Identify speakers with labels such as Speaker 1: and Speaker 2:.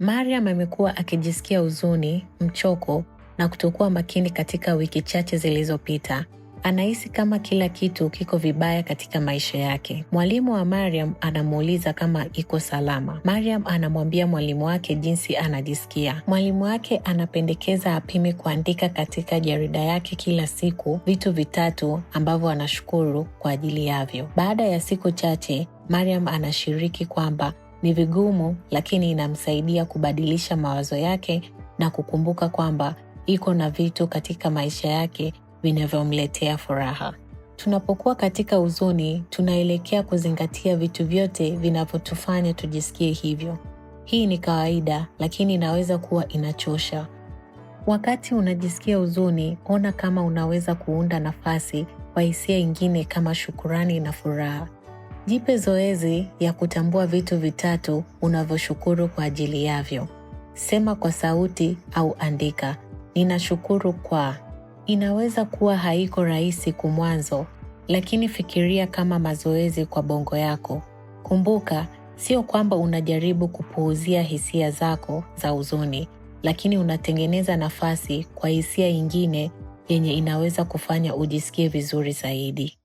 Speaker 1: Mariam amekuwa akijisikia huzuni, mchoko na kutokuwa makini katika wiki chache zilizopita. Anahisi kama kila kitu kiko vibaya katika maisha yake. Mwalimu wa Mariam anamuuliza kama iko salama. Mariam anamwambia mwalimu wake jinsi anajisikia. Mwalimu wake anapendekeza apime kuandika katika jarida yake kila siku vitu vitatu ambavyo anashukuru kwa ajili yavyo. Baada ya siku chache, Mariam anashiriki kwamba ni vigumu, lakini inamsaidia kubadilisha mawazo yake na kukumbuka kwamba iko na vitu katika maisha yake vinavyomletea furaha. Tunapokuwa katika huzuni, tunaelekea kuzingatia vitu vyote vinavyotufanya tujisikie hivyo. Hii ni kawaida, lakini inaweza kuwa inachosha. Wakati unajisikia huzuni, ona kama unaweza kuunda nafasi kwa hisia ingine kama shukurani na furaha. Jipe zoezi ya kutambua vitu vitatu unavyoshukuru kwa ajili yavyo. Sema kwa sauti au andika, ninashukuru kwa. Inaweza kuwa haiko rahisi kumwanzo, lakini fikiria kama mazoezi kwa bongo yako. Kumbuka, sio kwamba unajaribu kupuuzia hisia zako za huzuni, lakini unatengeneza nafasi kwa hisia ingine yenye inaweza kufanya ujisikie vizuri zaidi.